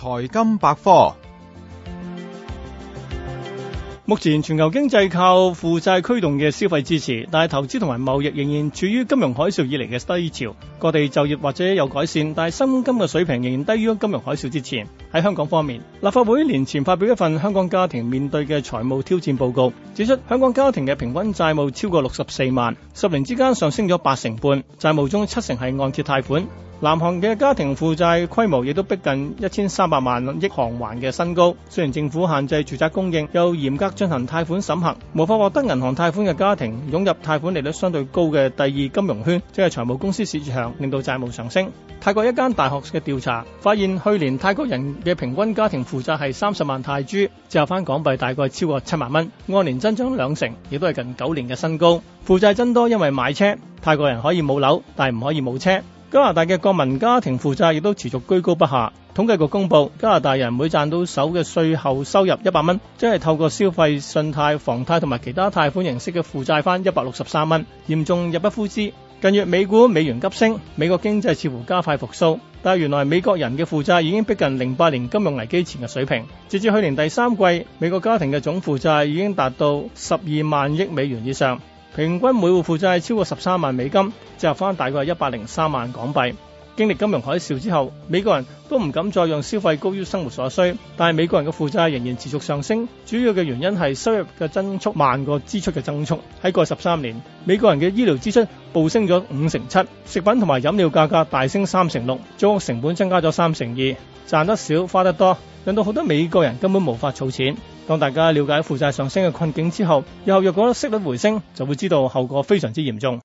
財金百科，目前全球經濟靠負債驅動嘅消費支持，但係投資同埋貿易仍然處於金融海嘯以嚟嘅低潮。各地就業或者有改善，但係薪金嘅水平仍然低於金融海嘯之前。喺香港方面，立法會年前發表一份香港家庭面對嘅財務挑戰報告，指出香港家庭嘅平均債務超過六十四萬，十年之間上升咗八成半，債務中七成係按揭貸款。南韓嘅家庭負債規模亦都逼近一千三百萬億韓圜嘅新高。雖然政府限制住宅供應，又嚴格進行貸款審核，無法獲得銀行貸款嘅家庭，湧入貸款利率相對高嘅第二金融圈，即係財務公司市場，令到債務上升。泰國一間大學嘅調查發現，去年泰國人嘅平均家庭負債係三十萬泰銖，折翻港幣大概超過七萬蚊，按年增長兩成，亦都係近九年嘅新高。負債增多因為買車，泰國人可以冇樓，但係唔可以冇車。加拿大嘅國民家庭負債亦都持續居高不下。統計局公佈，加拿大人每賺到手嘅稅後收入一百蚊，即係透過消費、信貸、房貸同埋其他貸款形式嘅負債翻一百六十三蚊，嚴重入不敷支。近月美股美元急升，美國經濟似乎加快復甦，但係原來美國人嘅負債已經逼近零八年金融危機前嘅水平。截至去年第三季，美國家庭嘅總負債已經達到十二萬億美元以上。平均每戶負債超過十三萬美金，折合翻大概係一百零三萬港幣。經歷金融海嘯之後，美國人都唔敢再讓消費高於生活所需，但係美國人嘅負債仍然持續上升，主要嘅原因係收入嘅增速慢過支出嘅增速。喺過去十三年，美國人嘅醫療支出暴升咗五成七，食品同埋飲料價格大升三成六，租屋成本增加咗三成二，賺得少花得多，令到好多美國人根本無法儲錢。當大家了解負債上升嘅困境之後，日後若果息率回升，就會知道後果非常之嚴重。